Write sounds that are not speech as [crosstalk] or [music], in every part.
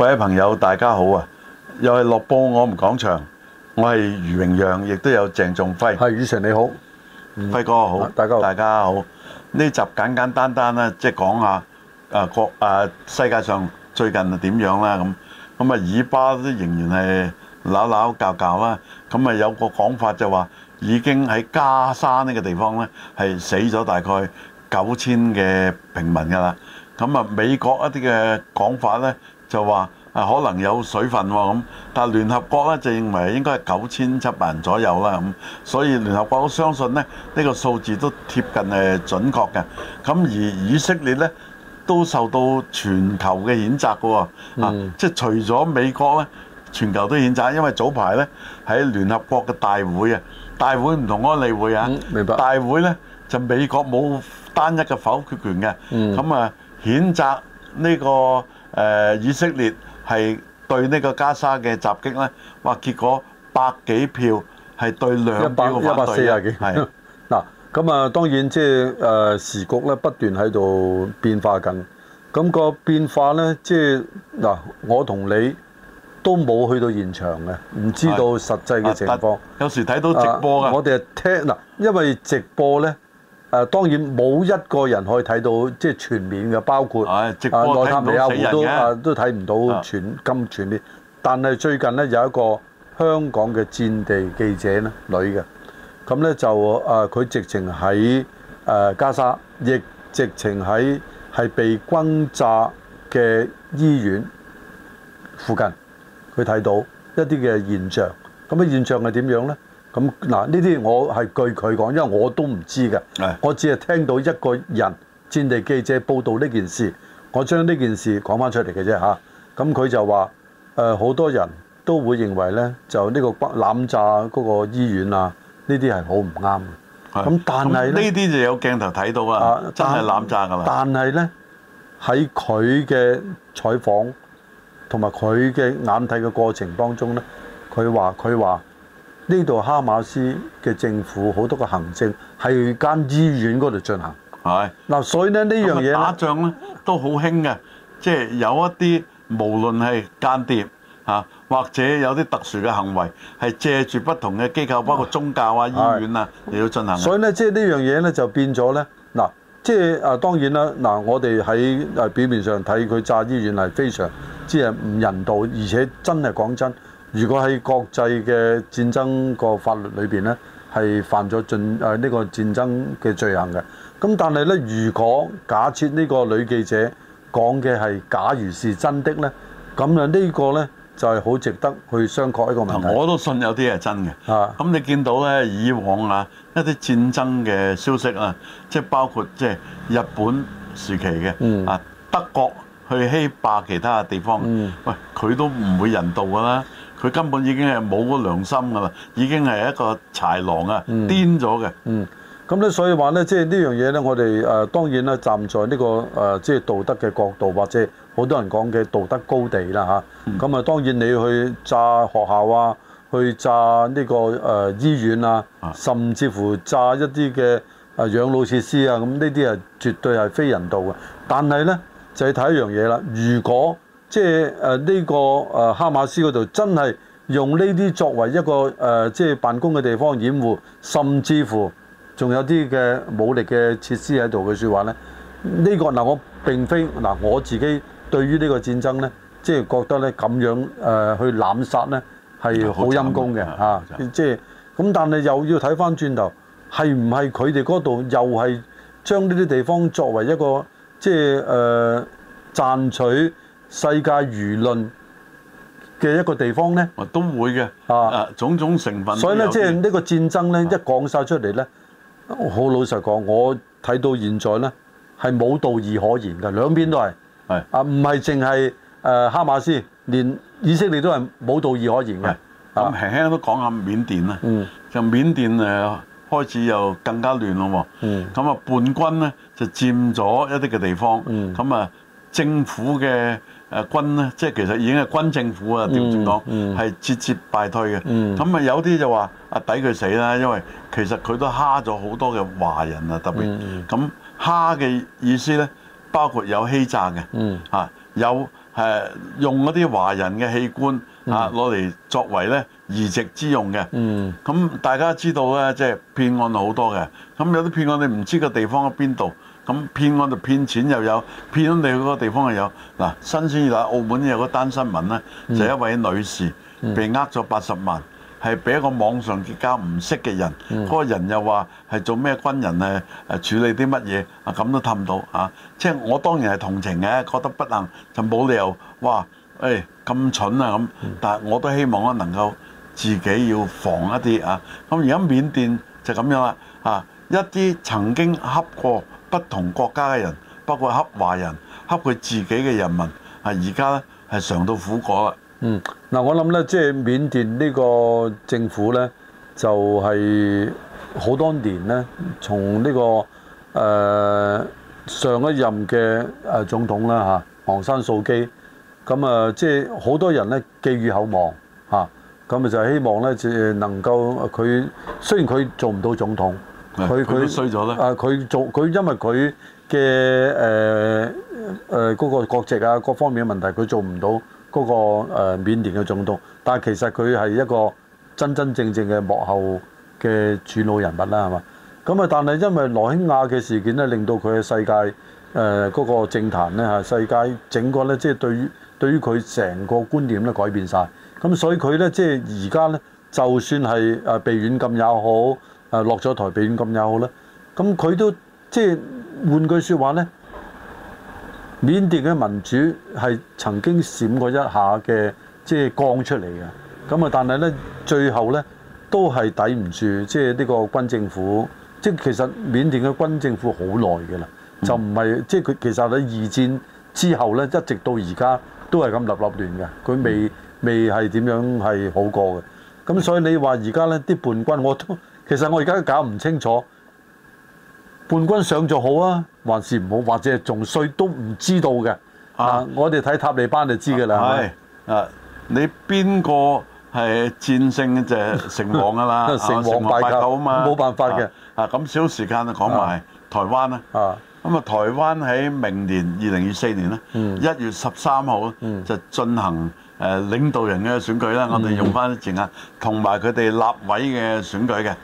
各位朋友，大家好啊！又係樂報我們講場，我係余榮讓，亦都有鄭仲輝。係余 sir，你好，輝哥好，大家好。呢集簡簡單單啦，即係講下誒國誒世界上最近點樣啦咁咁啊！以巴都仍然係鬧鬧交交啦，咁啊有個講法就話已經喺加沙呢個地方咧係死咗大概九千嘅平民㗎啦。咁啊美國一啲嘅講法咧。就話誒，可能有水分喎咁，但係聯合國咧就認為應該係九千七百人左右啦咁，所以聯合國都相信咧呢個數字都貼近誒準確嘅。咁而以色列咧都受到全球嘅譴責嘅喎，啊，即係除咗美國咧，全球都譴責，因為早排咧喺聯合國嘅大會啊，大會唔同安理會啊，明白？大會咧就美國冇單一嘅否決權嘅，咁啊譴責呢個。誒、呃、以色列係對呢個加沙嘅襲擊咧，哇！結果百幾票係對兩票反對，一百四廿幾係。嗱咁的 [laughs] 啊，啊，當然即係誒時局咧不斷喺度變化緊。咁、個變化咧，即係嗱，我同你都冇去到現場嘅，唔知道實際嘅情況。啊、有時睇到直播啊，啊我哋係聽嗱、啊，因為直播咧。誒當然冇一個人可以睇到即係全面嘅，包括啊內塔尼亞胡都啊都睇唔到全咁全面。但係最近呢，有一個香港嘅戰地記者呢，女嘅，咁、嗯、呢，就誒佢、呃、直情喺誒加沙，亦、呃、直情喺係被轟炸嘅醫院附近，佢睇到一啲嘅現象。咁嘅現象係點樣呢？咁嗱，呢啲我係據佢講，因為我都唔知嘅，的我只係聽到一個人戰地記者報道呢件事，我將呢件事講翻出嚟嘅啫嚇。咁、啊、佢、嗯、就話誒好多人都會認為咧，就呢個濫炸嗰個醫院啊，的呢啲係好唔啱嘅。咁但係呢啲就有鏡頭睇到啊，真係濫炸㗎啦。但係咧喺佢嘅採訪同埋佢嘅眼睇嘅過程當中咧，佢話佢話。呢度哈馬斯嘅政府好多個行政喺間醫院嗰度進行。係的。嗱，所以咧呢樣嘢打仗咧都好興嘅，即係有一啲無論係間諜啊，或者有啲特殊嘅行為，係借住不同嘅機構，的包括宗教啊、的醫院啊，你要的進行。所以咧，即係呢樣嘢咧就變咗咧，嗱，即係誒、啊、當然啦，嗱我哋喺誒表面上睇佢炸醫院係非常即係唔人道，而且真係講真。如果喺國際嘅戰爭個法律裏邊呢，係犯咗戰誒呢個戰爭嘅罪行嘅。咁但係呢，如果假設呢個女記者講嘅係假如是真的呢，咁啊呢個呢，就係、是、好值得去商榷一個問題。我都信有啲係真嘅。啊，咁你見到呢，以往啊一啲戰爭嘅消息啊，即係包括即係日本時期嘅，啊、嗯、德國去欺霸其他嘅地方，嗯、喂佢都唔會人道㗎啦。佢根本已經係冇個良心噶啦，已經係一個豺狼啊，癲咗嘅。嗯，咁咧所以話咧，即係呢樣嘢咧，我哋誒、呃、當然咧站在呢、這個誒、呃、即係道德嘅角度，或者好多人講嘅道德高地啦嚇。咁啊，嗯嗯、當然你去炸學校啊，去炸呢、這個誒、呃、醫院啊，甚至乎炸一啲嘅誒養老設施啊，咁呢啲係絕對係非人道嘅。但係咧，就睇、係、一樣嘢啦，如果即係誒呢個誒、呃、哈馬斯嗰度真係用呢啲作為一個誒、呃、即係辦公嘅地方掩護，甚至乎仲有啲嘅武力嘅設施喺度嘅説話咧。呢、呢個嗱、呃、我並非嗱、呃、我自己對於呢個戰爭呢，即係覺得呢咁樣誒、呃、去濫殺呢係好陰功嘅嚇，即係咁、嗯。但係又要睇翻轉頭，係唔係佢哋嗰度又係將呢啲地方作為一個即係誒賺取，呃呃呃呃呃世界輿論嘅一個地方咧，都會嘅啊，種種成分。所以咧，即係呢個戰爭咧，一講晒出嚟咧，好老實講，我睇到現在咧係冇道義可言嘅，兩邊都係。係啊，唔係淨係誒哈馬斯，連以色列都係冇道義可言嘅。咁輕輕都講下緬甸啦，就緬甸誒開始又更加亂咯。嗯，咁啊叛軍咧就佔咗一啲嘅地方。嗯，咁啊政府嘅。誒軍咧，即係其實已經係軍政府啊，點講係節節敗退嘅。咁啊、嗯，有啲就話啊，抵佢死啦，因為其實佢都蝦咗好多嘅華人啊，特別咁蝦嘅意思咧，包括有欺詐嘅嚇、嗯啊，有誒、呃、用一啲華人嘅器官嚇攞嚟作為咧移植之用嘅。咁、嗯嗯嗯、大家知道咧，即係騙案好多嘅。咁有啲騙案你唔知個地方喺邊度。咁騙案就騙錢又有，騙咗你去嗰個地方又有。嗱，新鮮熱辣，澳門有個單新聞咧，嗯、就一位女士被呃咗八十萬，係俾、嗯、一個網上結交唔識嘅人，嗰、嗯、個人又話係做咩軍人咧，誒處理啲乜嘢，啊咁都氹到啊！即係我當然係同情嘅，覺得不能就冇理由，哇，誒、哎、咁蠢啊咁。但係我都希望我能夠自己要防一啲啊。咁而家緬甸就咁樣啦，啊，一啲曾經恰過。不同國家嘅人，包括黑華人、黑佢自己嘅人民，啊，而家咧係嚐到苦果啦。嗯，嗱，我諗咧，即係緬甸呢個政府咧，就係、是、好多年咧，從呢、呢個誒、呃、上一任嘅誒總統啦嚇，昂山素姬，咁啊，即係好多人咧寄予厚望嚇，咁、啊、咪就係希望咧，誒能夠佢雖然佢做唔到總統。佢佢衰咗咧？啊他！佢他做佢，因為佢嘅誒誒嗰個國籍啊，各方面嘅問題，佢做唔到嗰、那個誒、呃、緬甸嘅總統。但係其實佢係一個真真正正嘅幕後嘅主腦人物啦，係嘛？咁啊，但係因為羅興亞嘅事件咧，令到佢嘅世界誒嗰、呃那個政壇咧嚇，世界整個咧即係對於對於佢成個觀念咧改變晒。咁所以佢咧即係而家咧，就算係誒被軟禁也好。誒落咗台面咁又好啦，咁佢都即係換句說話咧，緬甸嘅民主係曾經閃過一下嘅即係光出嚟嘅，咁啊但係咧最後咧都係抵唔住，即係呢個軍政府，即係其實緬甸嘅軍政府好耐嘅啦，嗯、就唔係，即係佢其實喺二戰之後咧一直到而家都係咁立立亂嘅，佢未、嗯、未係點樣係好過嘅，咁所以你話而家咧啲叛軍我都。 [laughs] 其實我而家搞唔清楚，叛軍上咗好啊，還是唔好，或者係仲衰都唔知道嘅。啊，啊，我哋睇塔利班就知嘅啦。係啊，吧你邊個係戰勝就係成王㗎啦、 [laughs] 啊？成王敗寇啊嘛，冇辦法嘅、啊啊。啊，咁少時間講埋台灣啦。啊。咁啊，台灣喺明年二零二四年咧，一月十三號就進行誒領導人嘅選舉啦。我哋用翻字眼，同埋佢哋立委嘅選舉嘅。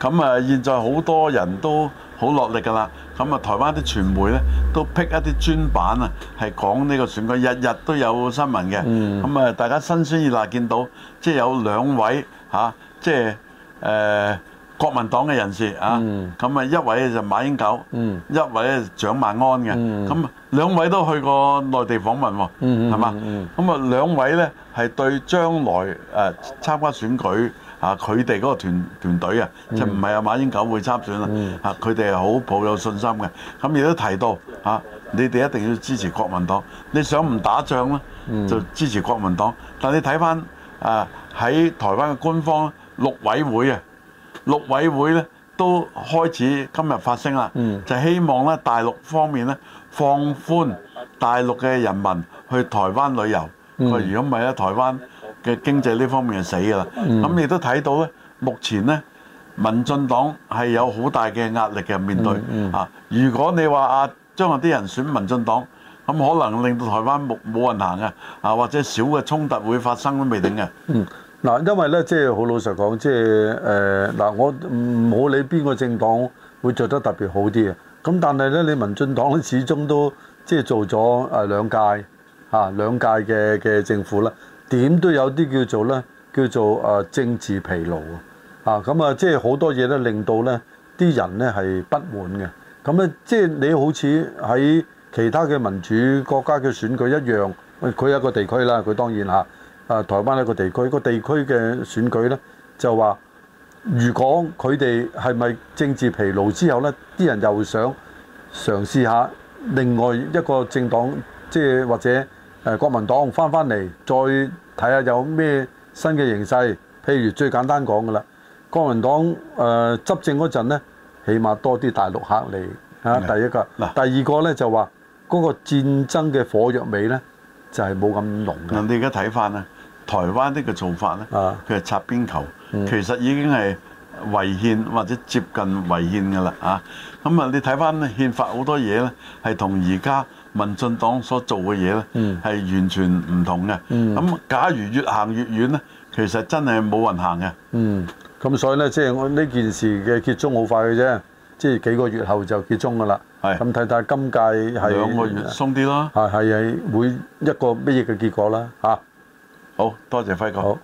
咁啊，現在好多人都好落力噶啦。咁啊，台灣啲傳媒呢都辟一啲專版啊，係講呢個選舉，日日都有新聞嘅。咁、嗯、啊，大家新鮮熱辣見到，即係有兩位嚇、啊，即係誒。呃國民黨嘅人士啊，咁啊、嗯、一位就馬英九，嗯、一位咧蔣萬安嘅，咁、嗯、兩位都去過內地訪問喎，係嘛？咁啊，兩位咧係對將來誒參加選舉啊，佢哋嗰個團團隊啊，就唔係阿馬英九會參選啦。啊、嗯，佢哋係好抱有信心嘅。咁亦都提到啊，你哋一定要支持國民黨。你想唔打仗咧，就支持國民黨。但你睇翻啊喺台灣嘅官方陸委會啊。陸委會咧都開始今日發聲啦，嗯、就希望咧大陸方面咧放寬大陸嘅人民去台灣旅遊。佢如果唔係咧，台灣嘅經濟呢方面係死㗎啦。咁、嗯、你都睇到咧，目前咧民進黨係有好大嘅壓力嘅面對、嗯嗯、啊。如果你話啊將來啲人選民進黨，咁可能令到台灣冇冇人行嘅啊，或者少嘅衝突會發生都未定嘅。嗯嗯嗱，因為咧，即係好老實講，即係誒嗱，我唔好理邊個政黨會做得特別好啲嘅。咁但係咧，你民進黨始終都即係、就是、做咗誒兩屆嚇、啊、兩屆嘅嘅政府啦，點都有啲叫做咧叫做誒政治疲勞啊！嚇咁啊，即係好多嘢咧令到咧啲人咧係不滿嘅。咁咧即係你好似喺其他嘅民主國家嘅選舉一樣，佢有一個地區啦，佢當然嚇。啊、呃！台灣一個地區，一個地區嘅選舉呢，就話如果佢哋係咪政治疲勞之後呢，啲人又想嘗試下另外一個政黨，即係或者誒、呃、國民黨翻翻嚟，再睇下有咩新嘅形勢。譬如最簡單講嘅啦，國民黨誒、呃、執政嗰陣呢，起碼多啲大陸客嚟嚇、啊。第一個，Okay. 第二個呢，啊、就話嗰、那個戰爭嘅火藥味呢，就係冇咁濃嘅。你而家睇翻啊？台灣呢個做法咧，佢係擦邊球，其實已經係違憲或者接近違憲噶啦啊！咁啊，你睇翻咧憲法好多嘢咧，係同而家民進黨所做嘅嘢咧，係完全唔同嘅。咁假如越行越遠咧，其實真係冇人行嘅。嗯，咁所以咧，即係我呢件事嘅結束好快嘅啫，即係幾個月後就結束噶啦。係。咁睇下今屆係兩個月鬆啲啦。係係係會一個乜嘢嘅結果啦？嚇！好多謝輝哥。